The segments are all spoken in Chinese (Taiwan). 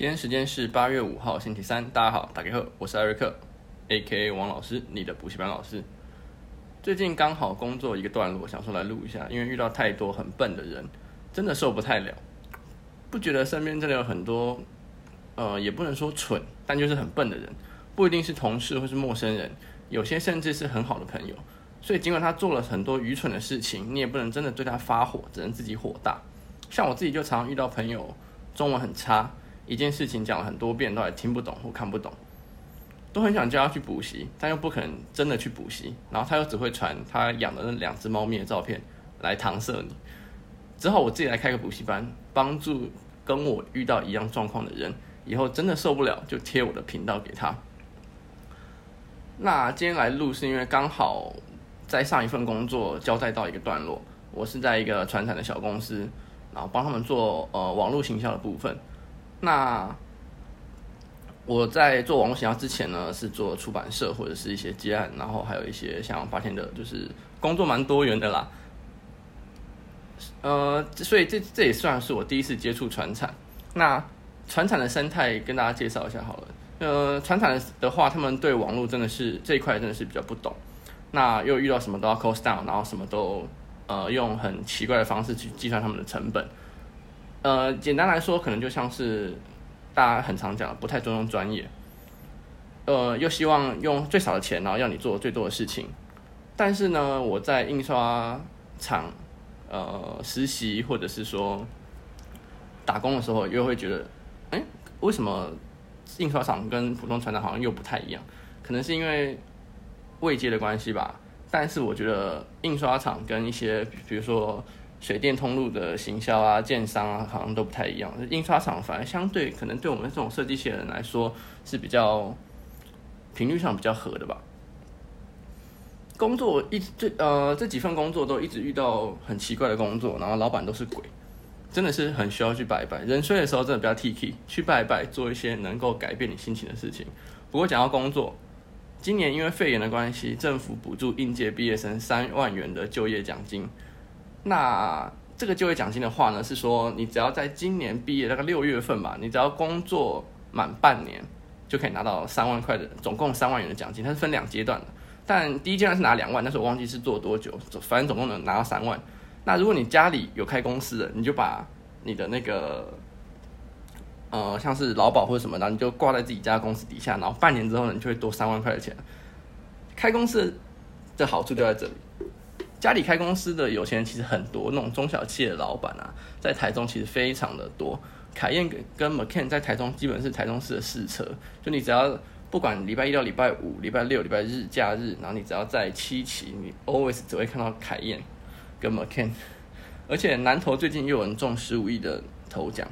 今天時間是八月五號星期三，大家好，大家好，我是艾瑞克，A.K.A. 王老師，你的補習班老師。最近剛好工作一個段落，想說來錄一下，因為遇到太多很笨的人，真的受不太了。不覺得身邊真的有很多，呃，也不能說蠢，但就是很笨的人，不一定是同事或是陌生人，有些甚至是很好的朋友。所以儘管他做了很多愚蠢的事情，你也不能真的對他發火，只能自己火大。像我自己就常常遇到朋友中文很差。一件事情講了很多遍，都還聽不懂或看不懂，都很想叫他去補習，但又不可能真的去補習。然後他又只會傳他養的那兩隻貓咪的照片來搪塞你，之後我自己來開個補習班，幫助跟我遇到一樣狀況的人。以後真的受不了，就貼我的頻道給他。那今天來錄是因為剛好在上一份工作交代到一個段落，我是在一個傳產的小公司，然後幫他們做呃，網絡行銷的部分。那我在做網絡行銷之前呢，是做出版社或者是一些接案，然後還有一些像發現的，就是工作蠻多元的啦。呃，所以這這也算是我第一次接觸傳產，那傳產的生態跟大家介紹一下好了。呃，傳產的話，他們對網絡真的是這一塊真的是比較不懂。那又遇到什麼都要 cost down，然後什麼都呃用很奇怪的方式去計算他們的成本。呃，簡單來說，可能就像是大家很常講，不太尊重專業。呃，又希望用最少的錢，然後要你做最多的事情。但是呢，我在印刷廠呃實習或者是說打工的時候，又會覺得，哎、欸，為什麼印刷廠跟普通船長好像又不太一樣？可能是因為位階的關係吧。但是我覺得印刷廠跟一些比如說。水電通路的行銷啊、建商啊，好像都不太一樣。印刷廠反而相對，可能對我們這種設計系的人來說是比較頻率上比較合的吧。工作一這呃這幾份工作都一直遇到很奇怪的工作，然後老闆都是鬼，真的是很需要去拜一拜。人衰的時候真的比較 T K，去拜一拜，做一些能夠改變你心情的事情。不過講到工作，今年因為肺炎的關係，政府補助應屆畢業生三萬元的就業獎金。那這個就業獎金的話呢，是說你只要在今年畢業那個六月份吧，你只要工作滿半年，就可以拿到三萬塊的總共三萬元的獎金。它是分兩階段的，但第一階段是拿兩萬，但是我忘記是做多久，反正總共能拿到三萬。那如果你家裡有開公司的，你就把你的那個呃，像是勞保或者什麼的，你就掛在自己家的公司底下，然後半年之後呢，你就會多三萬塊的錢。開公司的好處就在這裡。欸家裡開公司的有錢人其實很多，那種中小企業的老板啊，在台中其實非常的多。凱燕跟跟 Macan 在台中基本是台中市的市車，就你只要不管禮拜一到禮拜五、禮拜六、禮拜日假日，然後你只要在七期，你 always 只會看到凱燕跟 Macan。而且南投最近又有人中十五億的頭獎，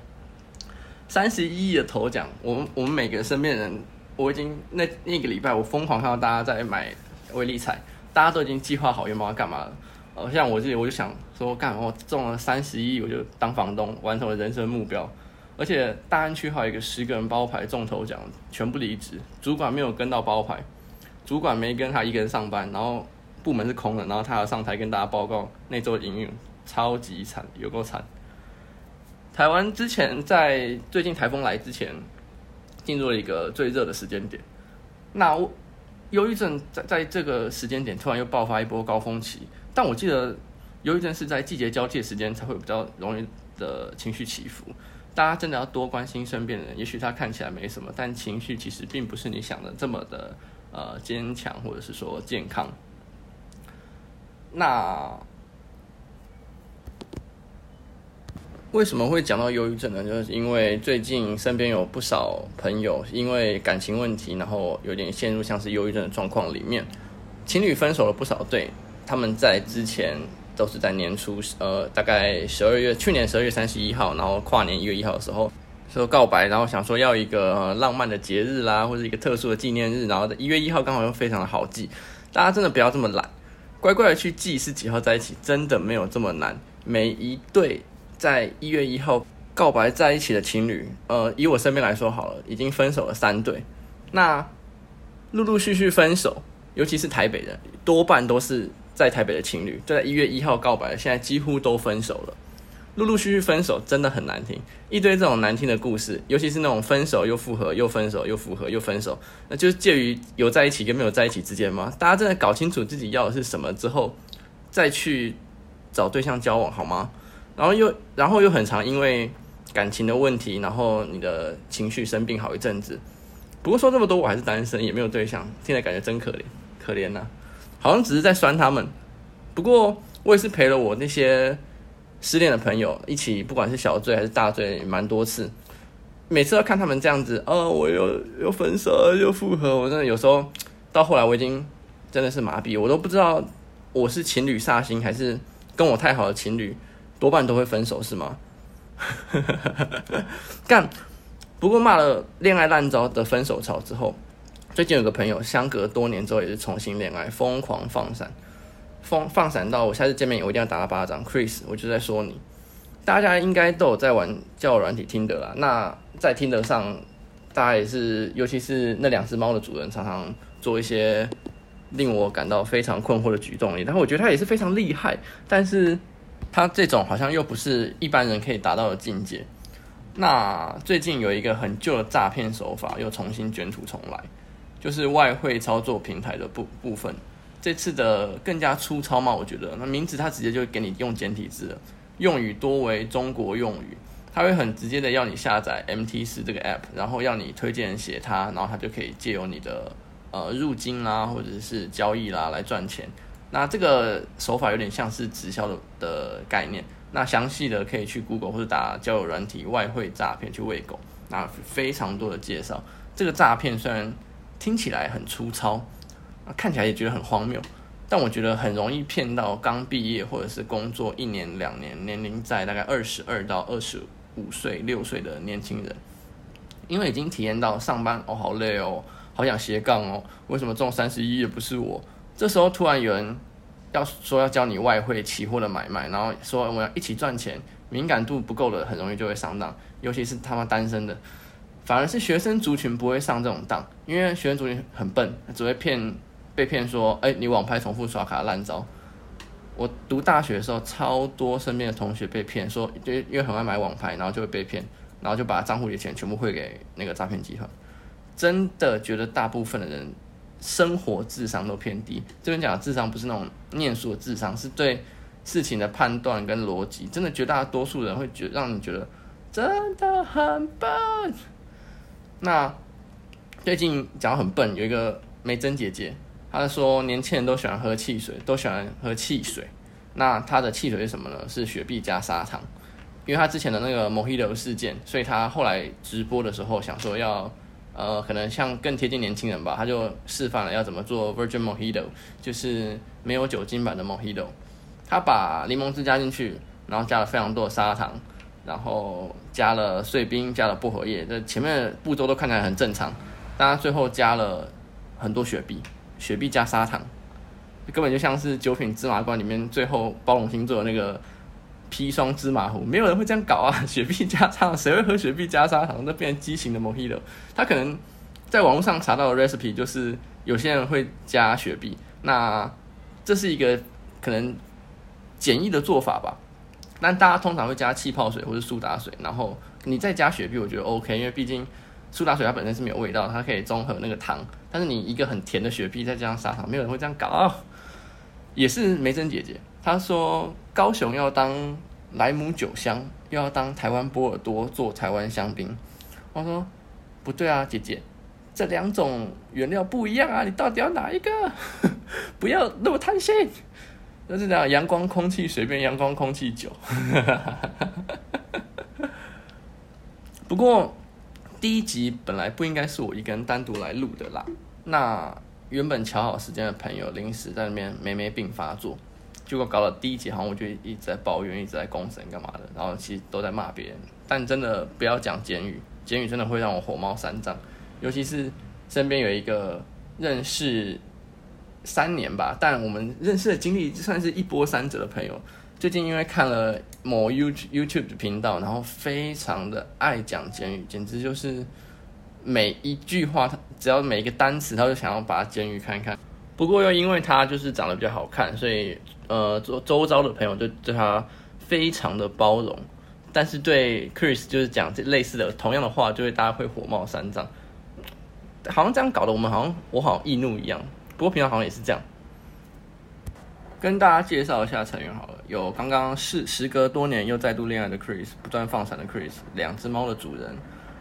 三十一億的頭獎。我們我們每個身邊人，我已經那那個禮拜我瘋狂看到大家在買威力彩大家都已經計劃好要幹嘛了，呃，像我自己，我就想說，幹我、哦、中了三十億，我就當房東，完成了人生目標。而且大安區還有一個十個人包牌中頭獎，全部離職，主管沒有跟到包牌，主管沒跟他一個人上班，然後部門是空的，然後他要上台跟大家報告，那周營運超級慘，有夠慘。台灣之前在最近台風來之前，進入了一個最熱的時間點，那我。憂鬱症在在這個時間點突然又爆發一波高峰期，但我記得憂鬱症是在季節交替的時間才會比較容易的情緒起伏。大家真的要多關心身邊的人，也許他看起來沒什麼，但情緒其實並不是你想的這麼的呃堅強，或者是說健康。那。為什麼會講到憂鬱症呢？就是因為最近身邊有不少朋友因為感情問題，然後有點陷入像是憂鬱症的狀況裡面。情侶分手了不少對，他們在之前都是在年初，呃，大概十二月，去年十二月三十一號，然後跨年一月一號的時候說告白，然後想說要一個，呃，浪漫的節日啦，或者一個特殊的紀念日，然後在一月一號剛好又非常的好記。大家真的不要這麼懶，乖乖的去記是幾號在一起，真的沒有這麼難，每一對。在一月一號告白在一起的情侶，呃，以我身邊來說好了，已經分手了三對。那陸陸續續分手，尤其是台北人，多半都是在台北的情侶，就在一月一號告白了，現在幾乎都分手了。陸陸續續分手，真的很難聽，一堆這種難聽的故事，尤其是那種分手又復合又分手又復合又分手，那就是介於有在一起跟沒有在一起之間嗎？大家真的搞清楚自己要的是什麼之後，再去找對象交往好嗎？然後又，然後又很常因為感情的問題，然後你的情緒生病好一陣子。不過說這麼多，我還是單身，也沒有對象，現在感覺真可憐，可憐吶、啊。好像只是在酸他們。不過我也是陪了我那些失戀的朋友一起，不管是小醉還是大醉，蠻多次。每次要看他們這樣子，哦我又又分手又復合，我真的有時候到後來我已經真的是麻痹，我都不知道我是情侶煞星還是跟我太好的情侶。多半都會分手是嗎？幹， 不過罵了戀愛爛招的分手潮之後，最近有個朋友相隔多年之後也是重新戀愛，瘋狂放閃，瘋放閃到我下次見面我一定要打他巴掌。Chris，我就在說你，大家應該都有在玩叫軟體聽得啦。那在聽得上，大家也是尤其是那兩隻貓的主人常常做一些令我感到非常困惑的舉動，然後我覺得他也是非常厲害，但是。他這種好像又不是一般人可以達到的境界。那最近有一個很舊的詐騙手法又重新卷土重來，就是外汇操作平台的部部分。這次的更加粗糙嘛，我覺得。那名字它直接就給你用簡體字了，用語多為中國用語，它會很直接的要你下載 MT 四這個 app，然後要你推薦寫它，然後它就可以借由你的呃入金啦或者是交易啦來賺錢。那這個手法有點像是直銷的的概念，那詳細的可以去 Google 或者打交友軟體外匯詐騙去餵狗，那非常多的介紹。這個詐騙雖然聽起來很粗糙，看起來也覺得很荒謬，但我覺得很容易騙到剛畢業或者是工作一年兩年，年齡在大概二十二到二十五歲六歲的年輕人，因為已經體驗到上班哦好累哦，好想斜槓哦，為什麼中三十一也不是我？這時候突然有人要說要教你外匯、期貨的買賣，然後說我們要一起賺錢，敏感度不夠的，很容易就會上當。尤其是他媽單身的，反而是學生族群不會上這種當，因為學生族群很笨，只會騙被騙說，誒、欸，你網拍重複刷卡爛招。我讀大學的時候，超多身邊的同學被騙，說就因為很愛買網拍，然後就會被騙，然後就把賬戶裡的錢全部匯給那個詐騙集團。真的覺得大部分的人。生活智商都偏低，這邊講的智商不是那種念書的智商，是對事情的判斷跟邏輯，真的絕大多數人會覺得讓你覺得真的很笨。那最近講很笨，有一個梅珍姐姐，她說年輕人都喜歡喝汽水，都喜歡喝汽水。那她的汽水是什麼呢？是雪碧加砂糖，因為她之前的那個 Mojito 事件，所以她後來直播的時候想說要。呃，可能像更貼近年輕人吧，他就示範了要怎麼做 Virgin Mojito，就是沒有酒精版的 Mojito。他把檸檬汁加進去，然後加了非常多的砂糖，然後加了碎冰，加了薄荷葉。這前面的步驟都看起來很正常，但他最後加了很多雪碧，雪碧加砂糖，根本就像是九品芝麻官裡面最後包龍星做的那個。砒霜芝麻糊，沒有人會這樣搞啊！雪碧加糖，誰會喝雪碧加砂糖？這變成畸形的 mojito。他可能在網絡上查到的 recipe 就是有些人會加雪碧，那這是一個可能簡易的做法吧。但大家通常會加氣泡水或者蘇打水，然後你再加雪碧，我覺得 OK，因為畢竟蘇打水它本身是沒有味道，它可以中和那個糖。但是你一個很甜的雪碧再加上砂糖，沒有人會這樣搞啊。也是梅珍姐姐，她說。高雄要當萊姆酒香，又要當台灣波爾多做台灣香檳。我說不對啊，姐姐，這兩種原料不一樣啊，你到底要哪一個？ 不要那麼貪心，就是這樣，陽光空氣隨便陽光空氣酒。 不過第一集本來不應該是我一個人單獨來錄的啦，那原本喬好時間的朋友臨時在那邊梅梅病發作。結果搞到第一集，好像我就一直在抱怨，一直在公審幹嘛的，然後其實都在罵別人。但真的不要講監獄，監獄真的會讓我火冒三丈。尤其是身邊有一個認識三年吧，但我們認識的經歷算是一波三折的朋友。最近因為看了某 YouTube 的頻道，然後非常的愛講監獄，簡直就是每一句話，他只要每一個單詞，他就想要把監獄看一看。不過又因為他就是長得比較好看，所以。呃，週週遭的朋友就對他非常的包容，但是對 Chris 就是講這類似的同樣的話，就會大家會火冒三丈。好像這樣搞得我們好像我好像易怒一樣。不過平常好像也是這樣。跟大家介紹一下成員好了，有剛剛是時隔多年又再度戀愛的 Chris，不斷放閃的 Chris，兩隻貓的主人。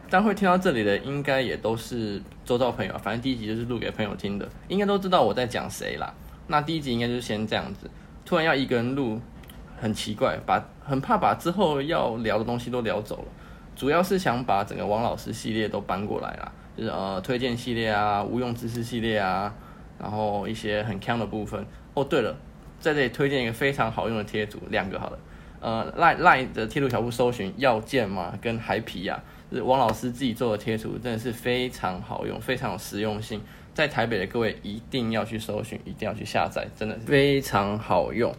但會聽到這裡的應該也都是周遭朋友，反正第一集就是錄給朋友聽的，應該都知道我在講誰啦。那第一集應該就是先這樣子。突然要一個人錄，很奇怪，把很怕把之後要聊的東西都聊走了。主要是想把整個王老師系列都搬過來啦，就是呃推薦系列啊，無用知識系列啊，然後一些很強的部分。哦，對了，在這裡推薦一個非常好用的貼圖，兩個好了。呃，LINE，LINE 的貼圖小鋪搜尋“要件嘛”跟“海皮啊”、“嗨皮呀”，是王老師自己做的貼圖，真的是非常好用，非常有實用性。在台北的各位一定要去搜尋，一定要去下載，真的非常好用。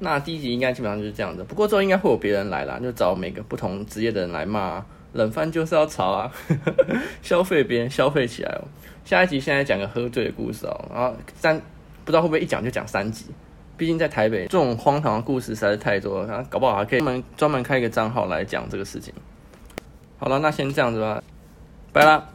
那第一集應該基本上就是這樣子。不過之後應該會有別人來啦，就找每個不同職業的人來罵啊。冷飯就是要炒啊，呵呵消費別人，消費起來哦。下一集現在講個喝醉的故事哦，然後三，不知道會不會一講就講三集。畢竟在台北這種荒唐的故事實在是太多了，搞不好還可以專門專門開一個賬號來講這個事情。好了，那先這樣子吧，拜啦。